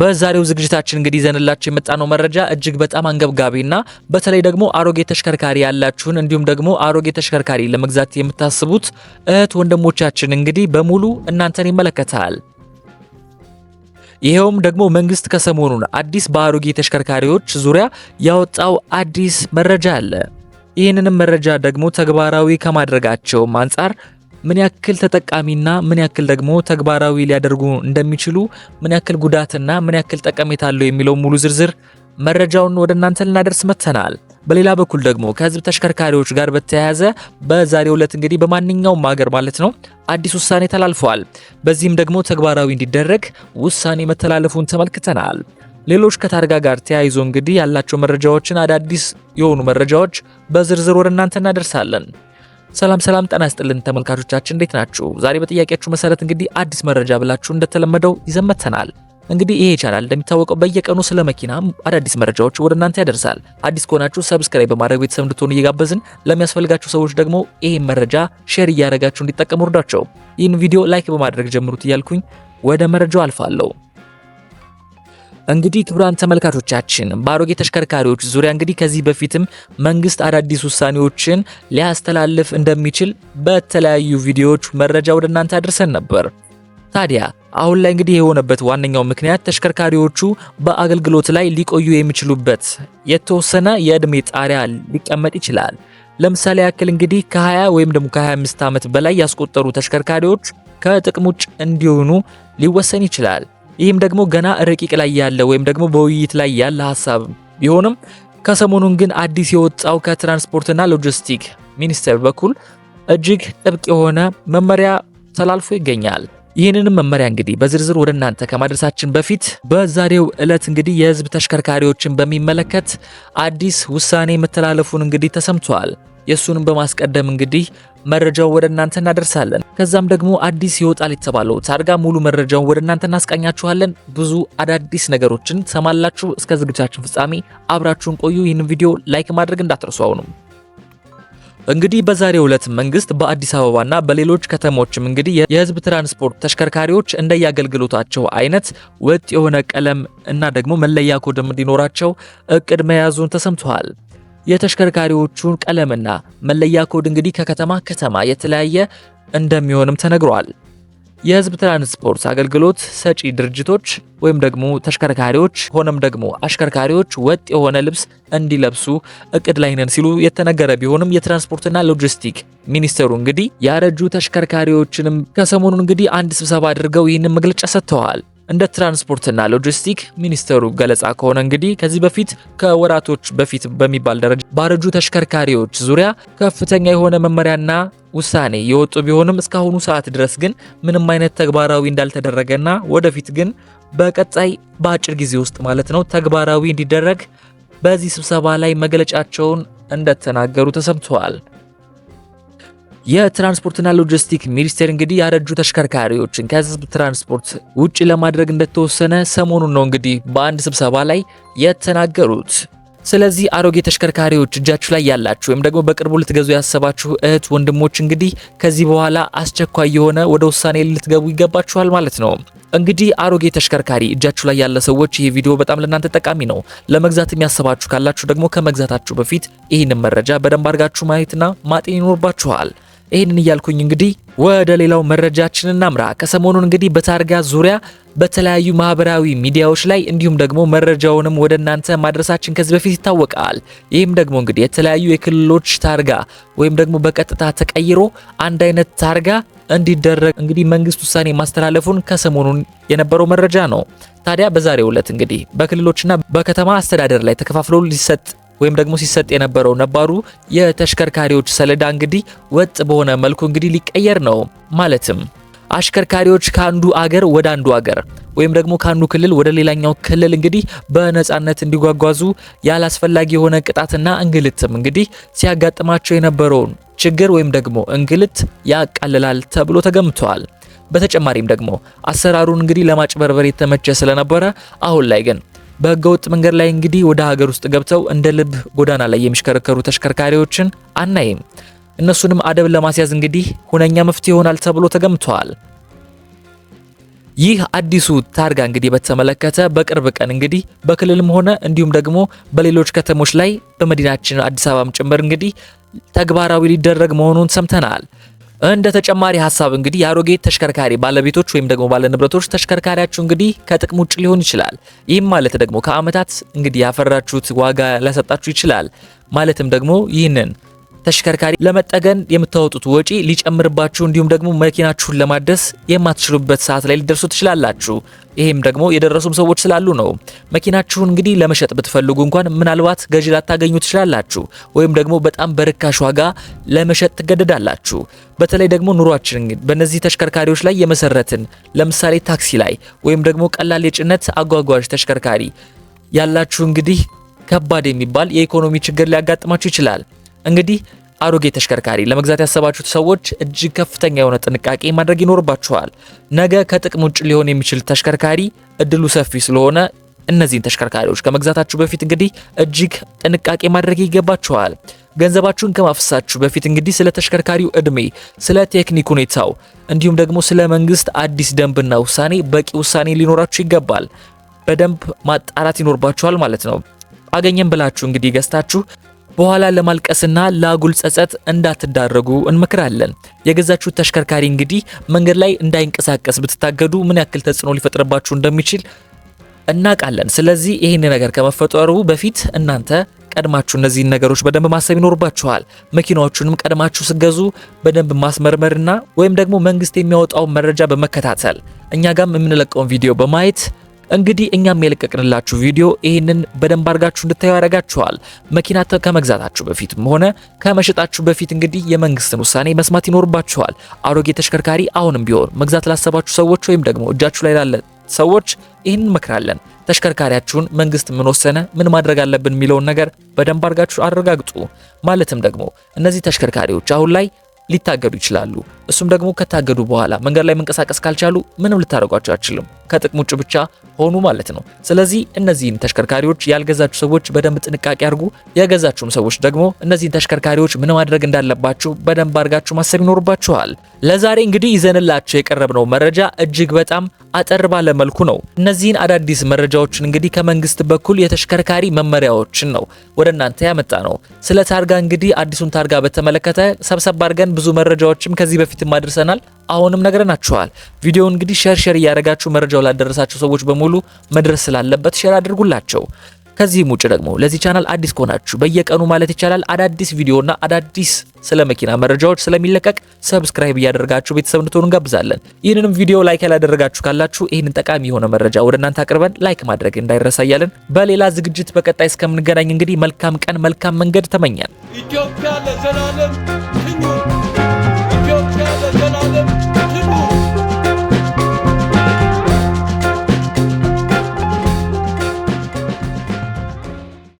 በዛሬው ዝግጅታችን እንግዲህ ይዘንላችሁ የመጣነው መረጃ እጅግ በጣም አንገብጋቢና በተለይ ደግሞ አሮጌ ተሽከርካሪ ያላችሁን እንዲሁም ደግሞ አሮጌ ተሽከርካሪ ለመግዛት የምታስቡት እህት ወንድሞቻችን እንግዲህ በሙሉ እናንተን ይመለከታል። ይኸውም ደግሞ መንግስት ከሰሞኑን አዲስ በአሮጌ ተሽከርካሪዎች ዙሪያ ያወጣው አዲስ መረጃ አለ። ይህንንም መረጃ ደግሞ ተግባራዊ ከማድረጋቸውም አንጻር ምን ያክል ተጠቃሚና ምን ያክል ደግሞ ተግባራዊ ሊያደርጉ እንደሚችሉ ምን ያክል ጉዳትና ምን ያክል ጠቀሜታ አለው የሚለው ሙሉ ዝርዝር መረጃውን ወደ እናንተ ልናደርስ መጥተናል። በሌላ በኩል ደግሞ ከህዝብ ተሽከርካሪዎች ጋር በተያያዘ በዛሬው ዕለት እንግዲህ በማንኛውም ሀገር ማለት ነው አዲስ ውሳኔ ተላልፏል። በዚህም ደግሞ ተግባራዊ እንዲደረግ ውሳኔ መተላለፉን ተመልክተናል። ሌሎች ከታርጋ ጋር ተያይዞ እንግዲህ ያላቸው መረጃዎችን አዳዲስ የሆኑ መረጃዎች በዝርዝር ወደ እናንተ እናደርሳለን። ሰላም ሰላም፣ ጤና ይስጥልን ተመልካቾቻችን፣ እንዴት ናችሁ? ዛሬ በጥያቄያችሁ መሰረት እንግዲህ አዲስ መረጃ ብላችሁ እንደተለመደው ይዘመተናል። እንግዲህ ይሄ ይቻላል እንደሚታወቀው በየቀኑ ስለ መኪና አዳዲስ መረጃዎች ወደ እናንተ ያደርሳል። አዲስ ከሆናችሁ ሰብስክራይብ በማድረግ ቤተሰብ እንድትሆኑ እየጋበዝን ለሚያስፈልጋችሁ ሰዎች ደግሞ ይሄን መረጃ ሼር እያደረጋችሁ እንዲጠቀሙ እርዷቸው። ይህን ቪዲዮ ላይክ በማድረግ ጀምሩት እያልኩኝ ወደ መረጃው አልፋለሁ። እንግዲህ ክቡራን ተመልካቾቻችን በአሮጌ ተሽከርካሪዎች ዙሪያ እንግዲህ ከዚህ በፊትም መንግስት አዳዲስ ውሳኔዎችን ሊያስተላልፍ እንደሚችል በተለያዩ ቪዲዮዎች መረጃ ወደ እናንተ አድርሰን ነበር። ታዲያ አሁን ላይ እንግዲህ የሆነበት ዋነኛው ምክንያት ተሽከርካሪዎቹ በአገልግሎት ላይ ሊቆዩ የሚችሉበት የተወሰነ የእድሜ ጣሪያ ሊቀመጥ ይችላል። ለምሳሌ ያክል እንግዲህ ከ20 ወይም ደግሞ ከ25 ዓመት በላይ ያስቆጠሩ ተሽከርካሪዎች ከጥቅም ውጭ እንዲሆኑ ሊወሰን ይችላል። ይህም ደግሞ ገና ረቂቅ ላይ ያለ ወይም ደግሞ በውይይት ላይ ያለ ሀሳብ ቢሆንም ከሰሞኑን ግን አዲስ የወጣው ከትራንስፖርትና ሎጂስቲክ ሚኒስቴር በኩል እጅግ ጥብቅ የሆነ መመሪያ ተላልፎ ይገኛል። ይህንንም መመሪያ እንግዲህ በዝርዝር ወደ እናንተ ከማድረሳችን በፊት በዛሬው ዕለት እንግዲህ የህዝብ ተሽከርካሪዎችን በሚመለከት አዲስ ውሳኔ መተላለፉን እንግዲህ ተሰምቷል። የእሱንም በማስቀደም እንግዲህ መረጃው ወደ እናንተ እናደርሳለን። ከዛም ደግሞ አዲስ ይወጣል የተባለው ታርጋ ሙሉ መረጃውን ወደ እናንተ እናስቃኛችኋለን። ብዙ አዳዲስ ነገሮችን ሰማላችሁ። እስከ ዝግጅታችን ፍጻሜ አብራችሁን ቆዩ። ይህን ቪዲዮ ላይክ ማድረግ እንዳትረሱ። አሁንም እንግዲህ በዛሬው ዕለት መንግስት በአዲስ አበባና በሌሎች ከተሞችም እንግዲህ የህዝብ ትራንስፖርት ተሽከርካሪዎች እንደየአገልግሎታቸው አይነት ወጥ የሆነ ቀለም እና ደግሞ መለያ ኮድም እንዲኖራቸው እቅድ መያዙን ተሰምቷል። የተሽከርካሪዎቹን ቀለምና መለያ ኮድ እንግዲህ ከከተማ ከተማ የተለያየ እንደሚሆንም ተነግሯል። የህዝብ ትራንስፖርት አገልግሎት ሰጪ ድርጅቶች ወይም ደግሞ ተሽከርካሪዎች ሆነም ደግሞ አሽከርካሪዎች ወጥ የሆነ ልብስ እንዲለብሱ እቅድ ላይ ነን ሲሉ የተነገረ ቢሆንም የትራንስፖርትና ሎጂስቲክ ሚኒስቴሩ እንግዲህ ያረጁ ተሽከርካሪዎችንም ከሰሞኑ እንግዲህ አንድ ስብሰባ አድርገው ይህንን መግለጫ ሰጥተዋል። እንደ ትራንስፖርትና ሎጂስቲክ ሚኒስተሩ ገለጻ ከሆነ እንግዲህ ከዚህ በፊት ከወራቶች በፊት በሚባል ደረጃ ባረጁ ተሽከርካሪዎች ዙሪያ ከፍተኛ የሆነ መመሪያና ውሳኔ የወጡ ቢሆንም እስካሁኑ ሰዓት ድረስ ግን ምንም አይነት ተግባራዊ እንዳልተደረገና ወደፊት ግን በቀጣይ በአጭር ጊዜ ውስጥ ማለት ነው ተግባራዊ እንዲደረግ በዚህ ስብሰባ ላይ መግለጫቸውን እንደተናገሩ ተሰምተዋል። የትራንስፖርትና ሎጂስቲክ ሚኒስቴር እንግዲህ ያረጁ ተሽከርካሪዎችን ከህዝብ ትራንስፖርት ውጭ ለማድረግ እንደተወሰነ ሰሞኑን ነው እንግዲህ በአንድ ስብሰባ ላይ የተናገሩት። ስለዚህ አሮጌ ተሽከርካሪዎች እጃችሁ ላይ ያላችሁ ወይም ደግሞ በቅርቡ ልትገዙ ያሰባችሁ እህት ወንድሞች እንግዲህ ከዚህ በኋላ አስቸኳይ የሆነ ወደ ውሳኔ ልትገቡ ይገባችኋል ማለት ነው። እንግዲህ አሮጌ ተሽከርካሪ እጃችሁ ላይ ያለ ሰዎች ይህ ቪዲዮ በጣም ለእናንተ ጠቃሚ ነው። ለመግዛት የሚያስባችሁ ካላችሁ ደግሞ ከመግዛታችሁ በፊት ይህንን መረጃ በደንብ አድርጋችሁ ማየትና ማጤን ይኖርባችኋል። ይህንን እያልኩኝ እንግዲህ ወደ ሌላው መረጃችን እናምራ። ከሰሞኑን እንግዲህ በታርጋ ዙሪያ በተለያዩ ማህበራዊ ሚዲያዎች ላይ እንዲሁም ደግሞ መረጃውንም ወደ እናንተ ማድረሳችን ከዚህ በፊት ይታወቃል። ይህም ደግሞ እንግዲህ የተለያዩ የክልሎች ታርጋ ወይም ደግሞ በቀጥታ ተቀይሮ አንድ አይነት ታርጋ እንዲደረግ እንግዲህ መንግስት ውሳኔ ማስተላለፉን ከሰሞኑን የነበረው መረጃ ነው። ታዲያ በዛሬው ዕለት እንግዲህ በክልሎችና በከተማ አስተዳደር ላይ ተከፋፍሎ ሊሰጥ ወይም ደግሞ ሲሰጥ የነበረው ነባሩ የተሽከርካሪዎች ሰሌዳ እንግዲህ ወጥ በሆነ መልኩ እንግዲህ ሊቀየር ነው። ማለትም አሽከርካሪዎች ከአንዱ አገር ወደ አንዱ አገር ወይም ደግሞ ከአንዱ ክልል ወደ ሌላኛው ክልል እንግዲህ በነጻነት እንዲጓጓዙ ያላስፈላጊ የሆነ ቅጣትና እንግልትም እንግዲህ ሲያጋጥማቸው የነበረውን ችግር ወይም ደግሞ እንግልት ያቃልላል ተብሎ ተገምቷል። በተጨማሪም ደግሞ አሰራሩን እንግዲህ ለማጭበርበር የተመቸ ስለነበረ አሁን ላይ ግን በህገወጥ መንገድ ላይ እንግዲህ ወደ ሀገር ውስጥ ገብተው እንደ ልብ ጎዳና ላይ የሚሽከረከሩ ተሽከርካሪዎችን አናይም። እነሱንም አደብ ለማስያዝ እንግዲህ ሁነኛ መፍትሄ ይሆናል ተብሎ ተገምቷል። ይህ አዲሱ ታርጋ እንግዲህ በተመለከተ በቅርብ ቀን እንግዲህ በክልልም ሆነ እንዲሁም ደግሞ በሌሎች ከተሞች ላይ በመዲናችን አዲስ አበባም ጭምር እንግዲህ ተግባራዊ ሊደረግ መሆኑን ሰምተናል። እንደ ተጨማሪ ሀሳብ እንግዲህ የአሮጌ ተሽከርካሪ ባለቤቶች ወይም ደግሞ ባለንብረቶች ተሽከርካሪያችሁ እንግዲህ ከጥቅም ውጭ ሊሆን ይችላል። ይህም ማለት ደግሞ ከአመታት እንግዲህ ያፈራችሁት ዋጋ ሊያሰጣችሁ ይችላል። ማለትም ደግሞ ይህንን ተሽከርካሪ ለመጠገን የምታወጡት ወጪ ሊጨምርባችሁ፣ እንዲሁም ደግሞ መኪናችሁን ለማደስ የማትችሉበት ሰዓት ላይ ሊደርሱ ትችላላችሁ። ይህም ደግሞ የደረሱም ሰዎች ስላሉ ነው። መኪናችሁን እንግዲህ ለመሸጥ ብትፈልጉ እንኳን ምናልባት ገዢ ላታገኙ ትችላላችሁ፣ ወይም ደግሞ በጣም በርካሽ ዋጋ ለመሸጥ ትገደዳላችሁ። በተለይ ደግሞ ኑሯችን በእነዚህ ተሽከርካሪዎች ላይ የመሰረትን ለምሳሌ ታክሲ ላይ ወይም ደግሞ ቀላል የጭነት አጓጓዥ ተሽከርካሪ ያላችሁ እንግዲህ ከባድ የሚባል የኢኮኖሚ ችግር ሊያጋጥማችሁ ይችላል። እንግዲህ አሮጌ ተሽከርካሪ ለመግዛት ያሰባችሁት ሰዎች እጅግ ከፍተኛ የሆነ ጥንቃቄ ማድረግ ይኖርባችኋል። ነገ ከጥቅም ውጭ ሊሆን የሚችል ተሽከርካሪ እድሉ ሰፊ ስለሆነ እነዚህን ተሽከርካሪዎች ከመግዛታችሁ በፊት እንግዲህ እጅግ ጥንቃቄ ማድረግ ይገባችኋል። ገንዘባችሁን ከማፍሰሳችሁ በፊት እንግዲህ ስለ ተሽከርካሪው እድሜ፣ ስለ ቴክኒክ ሁኔታው እንዲሁም ደግሞ ስለ መንግስት አዲስ ደንብና ውሳኔ በቂ ውሳኔ ሊኖራችሁ ይገባል። በደንብ ማጣራት ይኖርባችኋል ማለት ነው። አገኘም ብላችሁ እንግዲህ ገዝታችሁ በኋላ ለማልቀስና ለአጉል ጸጸት እንዳትዳረጉ እንመክራለን። የገዛችሁት ተሽከርካሪ እንግዲህ መንገድ ላይ እንዳይንቀሳቀስ ብትታገዱ ምን ያክል ተጽዕኖ ሊፈጥርባችሁ እንደሚችል እናውቃለን። ስለዚህ ይህን ነገር ከመፈጠሩ በፊት እናንተ ቀድማችሁ እነዚህን ነገሮች በደንብ ማሰብ ይኖርባችኋል። መኪናዎቹንም ቀድማችሁ ስገዙ በደንብ ማስመርመርና ወይም ደግሞ መንግስት የሚያወጣውን መረጃ በመከታተል እኛ ጋም የምንለቀውን ቪዲዮ በማየት እንግዲህ እኛም የለቀቅንላችሁ ቪዲዮ ይህንን በደንብ አድርጋችሁ እንድታዩ ያደርጋችኋል። መኪና ከመግዛታችሁ በፊትም ሆነ ከመሸጣችሁ በፊት እንግዲህ የመንግስትን ውሳኔ መስማት ይኖርባችኋል። አሮጌ ተሽከርካሪ አሁንም ቢሆን መግዛት ላሰባችሁ ሰዎች ወይም ደግሞ እጃችሁ ላይ ላለ ሰዎች ይህን እንመክራለን። ተሽከርካሪያችሁን መንግስት ምን ወሰነ፣ ምን ማድረግ አለብን የሚለውን ነገር በደንብ አድርጋችሁ አረጋግጡ። ማለትም ደግሞ እነዚህ ተሽከርካሪዎች አሁን ላይ ሊታገዱ ይችላሉ። እሱም ደግሞ ከታገዱ በኋላ መንገድ ላይ መንቀሳቀስ ካልቻሉ ምንም ልታደርጓቸው አይችልም ከጥቅም ውጭ ብቻ ሆኑ ማለት ነው። ስለዚህ እነዚህን ተሽከርካሪዎች ያልገዛችሁ ሰዎች በደንብ ጥንቃቄ አድርጉ። የገዛችሁም ሰዎች ደግሞ እነዚህን ተሽከርካሪዎች ምን ማድረግ እንዳለባችሁ በደንብ አድርጋችሁ ማሰብ ይኖርባችኋል። ለዛሬ እንግዲህ ይዘንላችሁ የቀረብነው መረጃ እጅግ በጣም አጠር ባለ መልኩ ነው። እነዚህን አዳዲስ መረጃዎችን እንግዲህ ከመንግስት በኩል የተሽከርካሪ መመሪያዎችን ነው ወደ እናንተ ያመጣ ነው። ስለ ታርጋ እንግዲህ አዲሱን ታርጋ በተመለከተ ሰብሰብ አድርገን ብዙ መረጃዎችም ከዚህ በፊት በፊትም አድርሰናል፣ አሁንም ነግረናችኋል። ቪዲዮ እንግዲህ ሼር ሼር እያደረጋችሁ መረጃው ላደረሳቸው ሰዎች በሙሉ መድረስ ስላለበት ሼር አድርጉላቸው። ከዚህም ውጭ ደግሞ ለዚህ ቻናል አዲስ ከሆናችሁ በየቀኑ ማለት ይቻላል አዳዲስ ቪዲዮና አዳዲስ ስለ መኪና መረጃዎች ስለሚለቀቅ ሰብስክራይብ እያደረጋችሁ ቤተሰብ እንድትሆኑ እንጋብዛለን። ይህንንም ቪዲዮ ላይክ ያላደረጋችሁ ካላችሁ ይህንን ጠቃሚ የሆነ መረጃ ወደ እናንተ አቅርበን ላይክ ማድረግ እንዳይረሳ በሌላ ዝግጅት በቀጣይ እስከምንገናኝ እንግዲህ መልካም ቀን፣ መልካም መንገድ ተመኛል። ኢትዮጵያ ለዘላለም